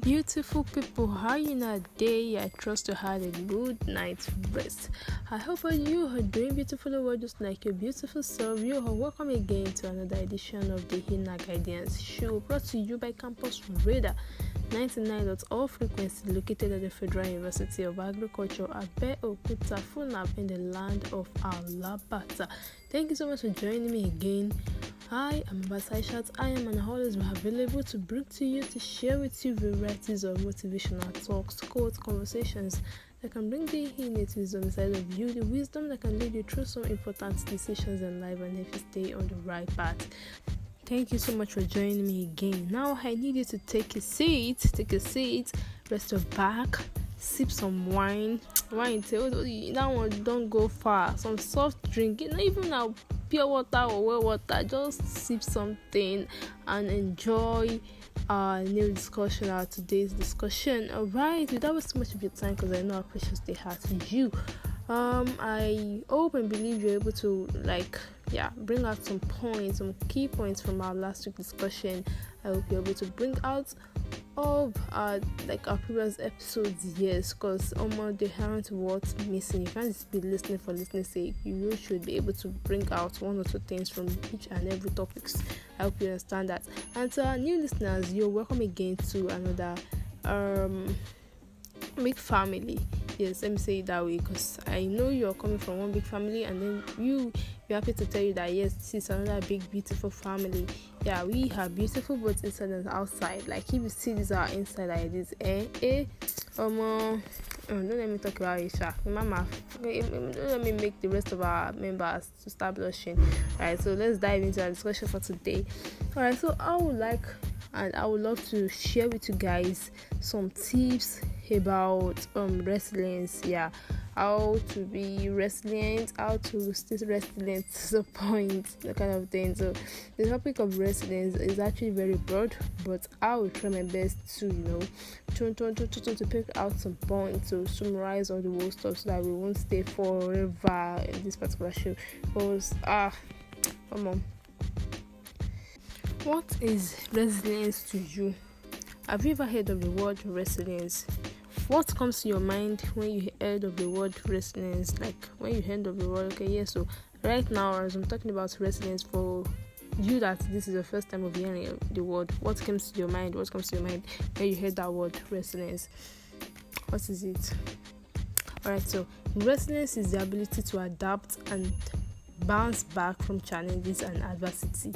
beautiful people, how you know day? I trust you had a good night's rest. I hope all you are doing beautiful work, just like your beautiful self. You are welcome again to another edition of the Hina Guidance Show, brought to you by Campus Radar 99.0 frequency, located at the Federal University of Agriculture, Abeokuta, Funab, in the land of Alabata. Thank you so much for joining me again Hi, I'm Basaishat. I am and always available to bring to you to share with you varieties of motivational talks, quotes, conversations that can bring the innate wisdom inside of you, the wisdom that can lead you through some important decisions in life and help you stay on the right path. Thank you so much for joining me again. Now I need you to take a seat, take a seat, rest your back, sip some wine. Wine, that one don't go far. Some soft drink, not even now pure water or well water just sip something and enjoy our new discussion our today's discussion all right without wasting much of your time because i know how precious they are to you um i hope and believe you're able to like yeah bring out some points some key points from our last week discussion i hope you're able to bring out of our uh, like our previous episodes yes because um they have not worth missing you can't just be listening for listening sake you really should be able to bring out one or two things from each and every topics i hope you understand that and to our new listeners you're welcome again to another um big family yes let me say it that way because i know you're coming from one big family and then you you happy to tell you that yes this is another big beautiful family yeah we have beautiful both inside and outside like if you see this our inside like this eh eh um uh, Oh, don't let me talk about it, Sha. Mama, eh, eh, don't let me make the rest of our members to start blushing. All right, so let's dive into our discussion for today. All right, so I would like and i would love to share with you guys some tips about um resilience yeah how to be resilient how to stay resilient to the point that kind of thing so the topic of resilience is actually very broad but i will try my best to you know to, to, to, to, to pick out some points to summarize all the whole stuff so that we won't stay forever in this particular show because ah come on what is resilience to you? Have you ever heard of the word resilience? What comes to your mind when you heard of the word resilience? Like when you heard of the word, okay, yeah, so right now, as I'm talking about resilience for you that this is the first time of hearing the word, what comes to your mind? What comes to your mind when you heard that word resilience? What is it? Alright, so resilience is the ability to adapt and bounce back from challenges and adversity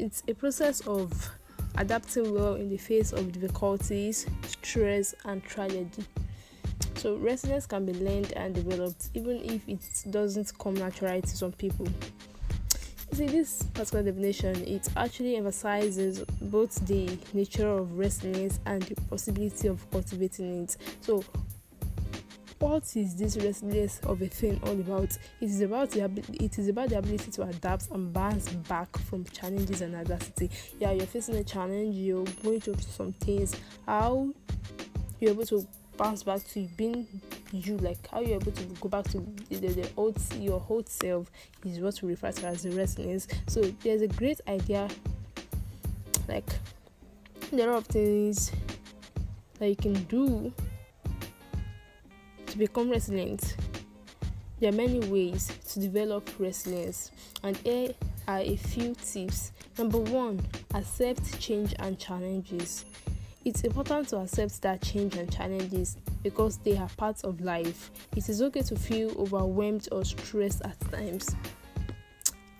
it's a process of adapting well in the face of difficulties, stress, and tragedy. So, resilience can be learned and developed even if it doesn't come naturally to some people. You see, this particular definition it actually emphasizes both the nature of resilience and the possibility of cultivating it. So, what is this resilience of a thing all about? It is about the, it is about the ability to adapt and bounce back from challenges and adversity. Yeah, you're facing a challenge, you're going through some things. How you're able to bounce back to being you like how you're able to go back to the, the, old your old self is what we refer to as the resonance so there's a great idea like there are things that you can do become resilient, there are many ways to develop resilience, and here are a few tips. Number one, accept change and challenges. It's important to accept that change and challenges because they are part of life. It is okay to feel overwhelmed or stressed at times.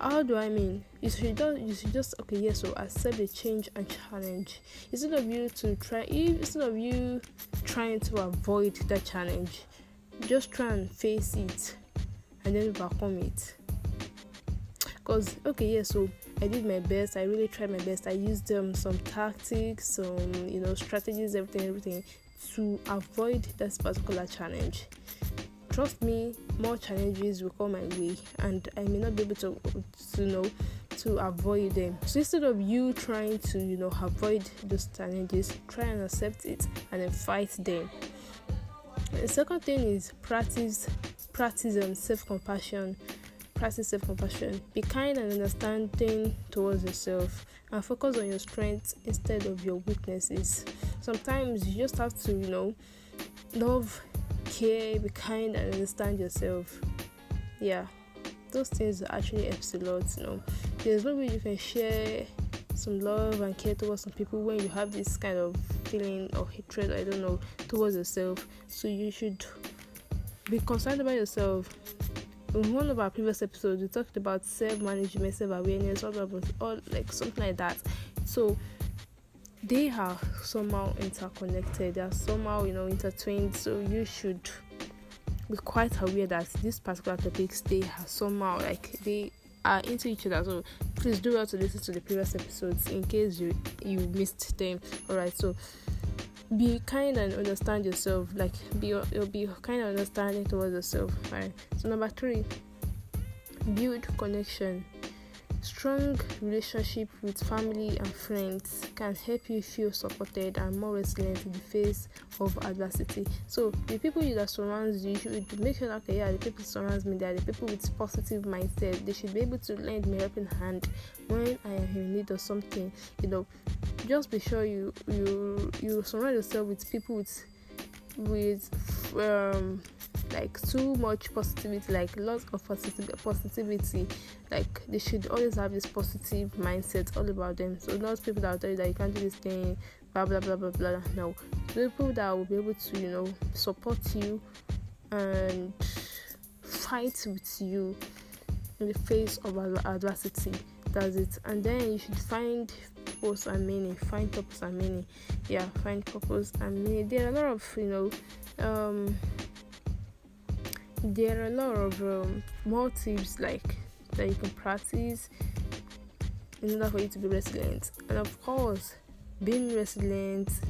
How do I mean? You should just, you should just okay, yes, yeah, so accept the change and challenge. Instead of you to try, instead of you trying to avoid the challenge, just try and face it and then overcome it because okay yeah so i did my best i really tried my best i used um, some tactics some you know strategies everything everything to avoid this particular challenge trust me more challenges will come my way and i may not be able to to know to avoid them so instead of you trying to you know avoid those challenges try and accept it and then fight them the second thing is practice practice um, self-compassion. Practice self-compassion. Be kind and understanding towards yourself and focus on your strengths instead of your weaknesses. Sometimes you just have to, you know, love, care, be kind and understand yourself. Yeah. Those things actually helps a lot, you know. There's no way you can share some love and care towards some people when you have this kind of feeling or hatred, I don't know, towards yourself. So you should be concerned about yourself. In one of our previous episodes, we talked about self-management, self-awareness, all, all like something like that. So they are somehow interconnected. They are somehow you know intertwined. So you should be quite aware that these particular topics they are somehow like they are into each other. So please do well to listen to the previous episodes in case you you missed them. All right, so be kind and understand yourself. Like be you'll uh, be kind and understanding towards yourself. All right. So number three, build connection Strong relationship with family and friends can help you feel supported and more resilient in the face of adversity. So the people you that surrounds you should make sure that they yeah, the people surround me, they are the people with positive mindset. They should be able to lend me a helping hand when I am in need of something. You know, just be sure you you you surround yourself with people with with um like too much positivity like lots of positive positivity like they should always have this positive mindset all about them so not people that will tell you that you can't do this thing blah blah blah blah blah no people that will be able to you know support you and fight with you in the face of adversity does it and then you should find purpose and meaning find purpose and meaning yeah find purpose and meaning there are a lot of you know um there are a lot of um, more tips like that you can practice in order for you to be resilient and of course being resilient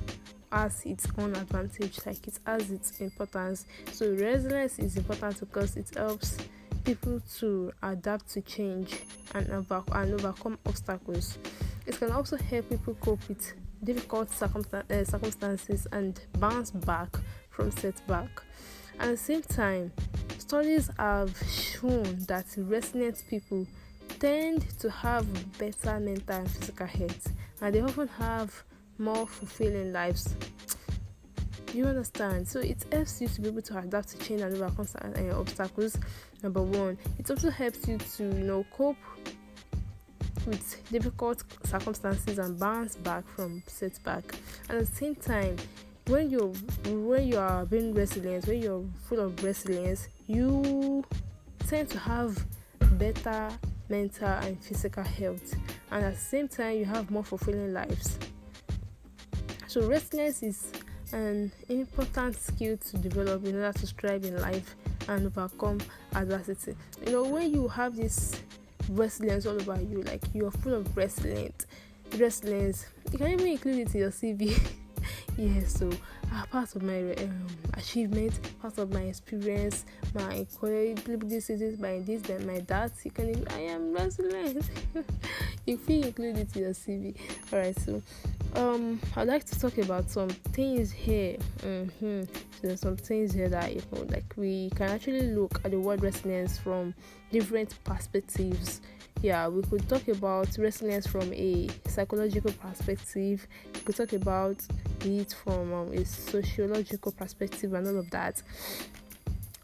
has its own advantage like it has its importance so resilience is important because it helps people to adapt to change and, over- and overcome obstacles it can also help people cope with difficult circumstan- uh, eh, circumstances and bounce back from setback at the same time, studies have shown that resilient people tend to have better mental and physical health and they often have more fulfilling lives. You understand? So it helps you to be able to adapt to change and overcome uh, obstacles. Number one, it also helps you to you know cope with difficult circumstances and bounce back from setback. At the same time, when you when you are being resilient, when you're full of resilience, you tend to have better mental and physical health, and at the same time, you have more fulfilling lives. So resilience is an important skill to develop in order to strive in life and overcome adversity. You know, when you have this resilience all over you, like you're full of resilience, resilience, you can even include it in your CV. yeah so uh, part of my um, achievement part of my experience my this is my this then my that you can i am resilient you include it in your cv all right so um i'd like to talk about some things here mm-hmm. so there's some things here that you know like we can actually look at the word resilience from different perspectives yeah, we could talk about resilience from a psychological perspective. We could talk about it from um, a sociological perspective and all of that.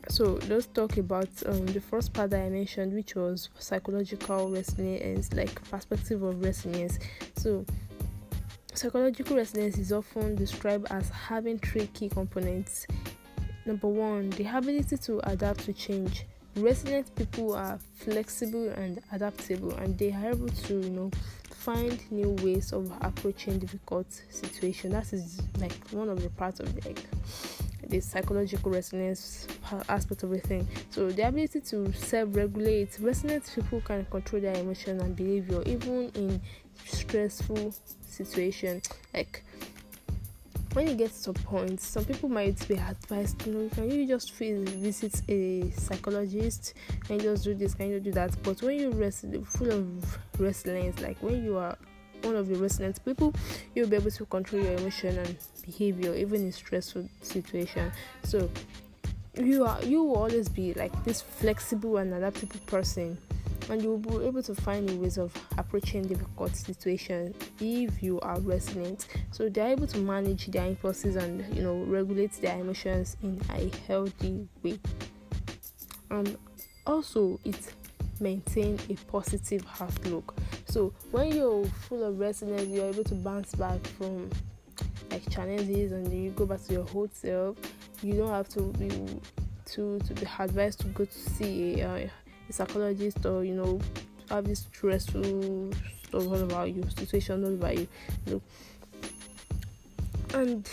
So let's talk about um, the first part that I mentioned, which was psychological resilience, like perspective of resilience. So psychological resilience is often described as having three key components. Number one, the ability to adapt to change resilient people are flexible and adaptable and they are able to you know find new ways of approaching difficult situation that is like one of the parts of like the psychological resilience aspect of everything. thing so the ability to self-regulate resilient people can control their emotion and behavior even in stressful situation like when you get to a point, some people might be advised, you know, can you just visit a psychologist and just do this, can you do that? But when you rest, full of restlessness, like when you are one of the resilient people, you'll be able to control your emotion and behavior, even in stressful situation. So you are you will always be like this flexible and adaptable person and you will be able to find ways of approaching difficult situations if you are resilient. So they are able to manage their impulses and you know regulate their emotions in a healthy way. And also, it maintain a positive outlook. So when you're full of resilience, you're able to bounce back from like challenges, and you go back to your whole self. You don't have to be to to be advised to go to see a uh, a psychologist or you know have this stressful stuff all about you situation all about you, you know and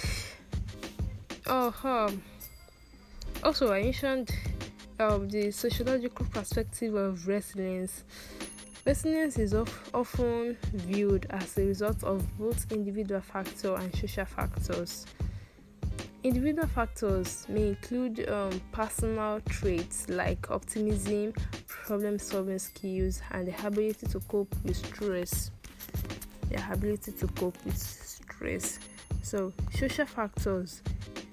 oh um, also I mentioned um, the sociological perspective of resilience. Resilience is of, often viewed as a result of both individual factor and social factors. Individual factors may include um, personal traits like optimism, problem solving skills, and the ability to cope with stress. Their ability to cope with stress. So, social factors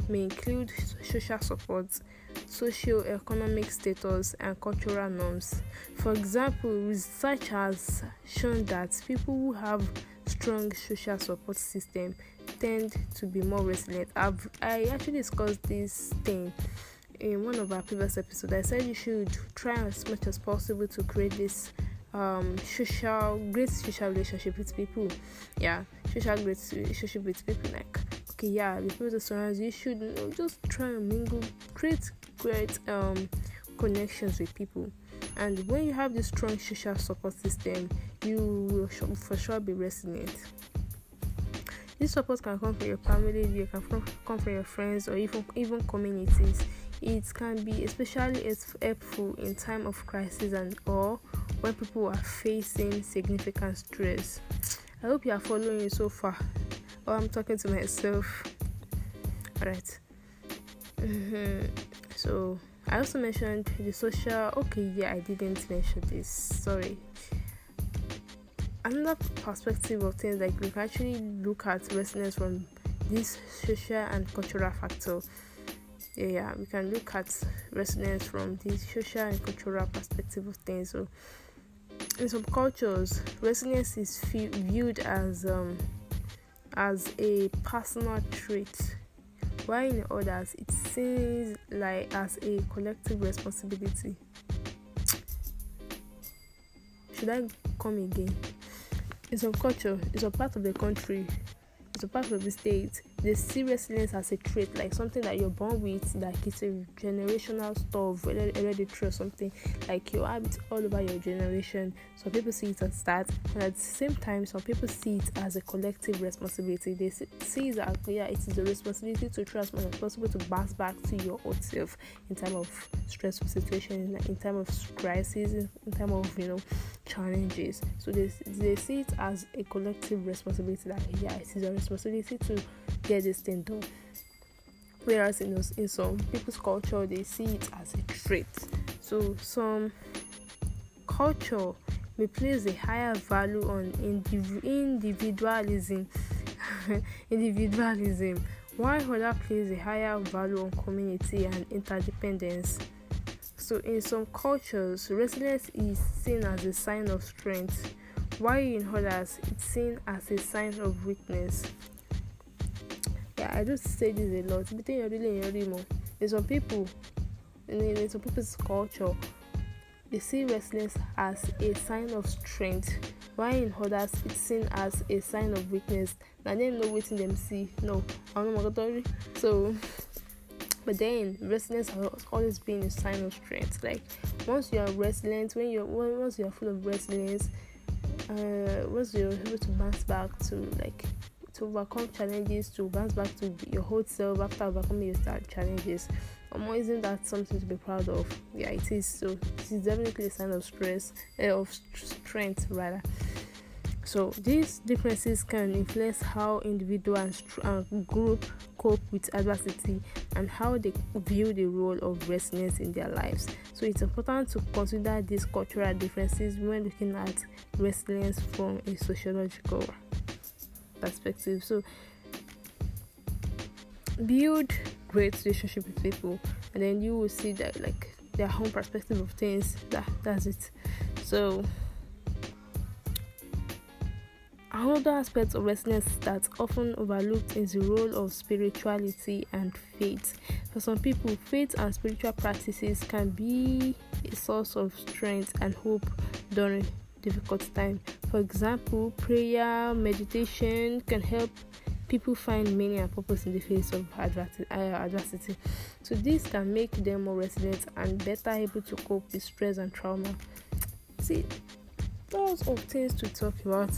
may include social support, socio-economic status, and cultural norms. For example, research has shown that people who have strong social support system tend to be more resilient. I've I actually discussed this thing in one of our previous episodes, I said you should try as much as possible to create this um, social great social relationship with people. Yeah, social great relationship with people. Like, okay, yeah, the people that surround you should you know, just try and mingle, create great um, connections with people. And when you have this strong social support system, you will for sure be resilient. This support can come from your family, it can come from your friends, or even even communities. It can be especially helpful in time of crisis and or when people are facing significant stress. I hope you are following so far. Oh, I'm talking to myself. All right. Mm-hmm. So I also mentioned the social. Okay, yeah, I didn't mention this. Sorry. Another perspective of things like we can actually look at wrestling from this social and cultural factor. Yeah, we can look at resonance from the social and cultural perspective of things so in some cultures resonance is viewed as um, as a personal trait while in others it seems like as a collective responsibility should i come again in some culture it's a part of the country It's a part of the state the seriousness as a trait, like something that you're born with, like it's a generational stuff, already true, something, like you have it all over your generation. Some people see it as that, and at the same time, some people see it as a collective responsibility. They see it as, yeah, it is a responsibility to trust as possible to bounce back to your old self in time of stressful situation, in, in time of crisis, in, in time of you know challenges. So they they see it as a collective responsibility. that, yeah, it is a responsibility to get this thing done. Whereas in, in some people's culture, they see it as a trait. So some culture may place a higher value on indiv- individualism, individualism, while that place a higher value on community and interdependence. So in some cultures, resilience is seen as a sign of strength, while in others, it's seen as a sign of weakness. I, just say this a lot. Between really and Yorimo, It's some people in, in some people's culture they see restlessness as a sign of strength, while in others it's seen as a sign of weakness. Now them know waiting them see. No, I'm not mandatory. So but then restlessness has always been a sign of strength. Like once you are restless, when you're once you are full of restlessness, uh once you're able to bounce back to like to overcome challenges, to bounce back to your whole self after overcoming your challenges. Um, isn't that something to be proud of? Yeah, it is. So this is definitely a sign of stress, uh, of strength rather. So these differences can influence how individuals and group cope with adversity and how they view the role of resilience in their lives. So it's important to consider these cultural differences when looking at resilience from a sociological perspective so build great relationship with people and then you will see that like their own perspective of things that that's it so another aspect of resilience that's often overlooked is the role of spirituality and faith for some people faith and spiritual practices can be a source of strength and hope during difficult time. For example, prayer, meditation can help people find meaning and purpose in the face of uh, adversity. So, this can make them more resilient and better able to cope with stress and trauma. See, those of things to talk about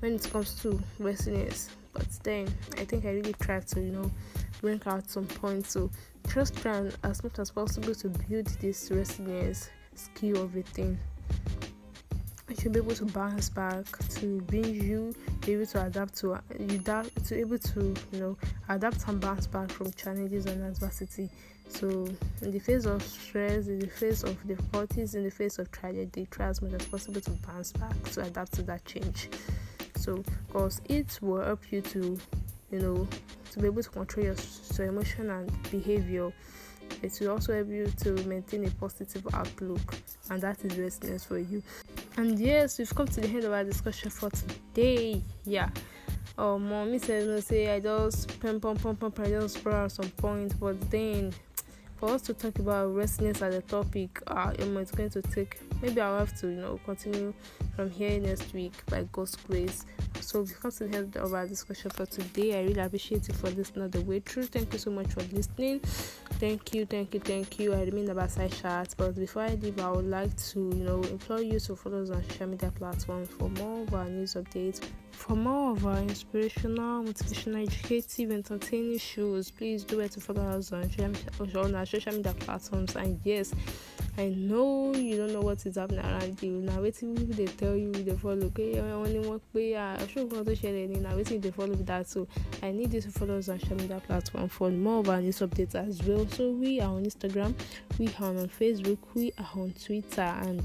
when it comes to resilience. But then, I think I really tried to, you know, bring out some points. So, just try as much as possible to build this resilience skill of a thing you be able to bounce back to being you be able to adapt to you da- to able to you know adapt and bounce back from challenges and adversity so in the face of stress in the face of difficulties in the face of tragedy try as much as possible to bounce back to adapt to that change so because it will help you to you know to be able to control your, your emotion and behavior it will also help you to maintain a positive outlook and that is resilience for you and yes we've come to the end of our discussion for today yeah oh mommy says no say i just pump, pump, pump, pom i just brought some points. but then for us to talk about wrestling as a topic uh ah, it's going to take maybe i'll have to you know continue from here next week by God's grace. So we've come to the end of our discussion for today. I really appreciate you for listening all the way through. Thank you so much for listening. Thank you, thank you, thank you. I remain side Chat, but before I leave, I would like to you know implore you to follow us on social media platforms for more of our news updates. For more of our inspirational, motivational, educative, entertaining shows, please do it to follow us on, on our social media platforms. And yes, I know you don't know what is happening around you. Now waiting if they tell you they follow okay only one way I should want to share any now waiting they follow that so I need you to follow us on social media platform for more of our news updates as well. So we are on Instagram, we are on Facebook, we are on Twitter and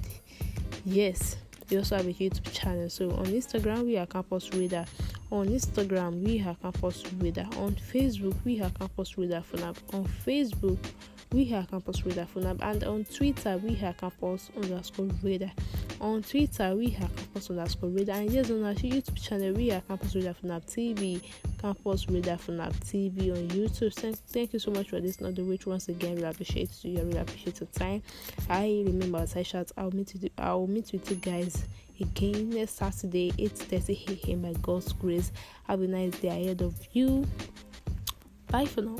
yes. We also have a YouTube channel. So on Instagram, we are Campus Reader. On Instagram, we are Campus Reader. On Facebook, we are Campus Radar Funab. On Facebook, we are Campus Radar Funab. And on Twitter, we are Campus underscore on Twitter, we are Campus underscore Radar, and yes, on our YouTube channel, we are Campus Radar Funab TV. Campus Radar Funab TV on YouTube. Thank you so much for listening to which once again we appreciate you. I really appreciate your time. I remember as I shout, I'll meet you. I'll meet with you guys again next Saturday, 8:30 a.m. By God's grace. Have a nice day ahead of you. Bye for now.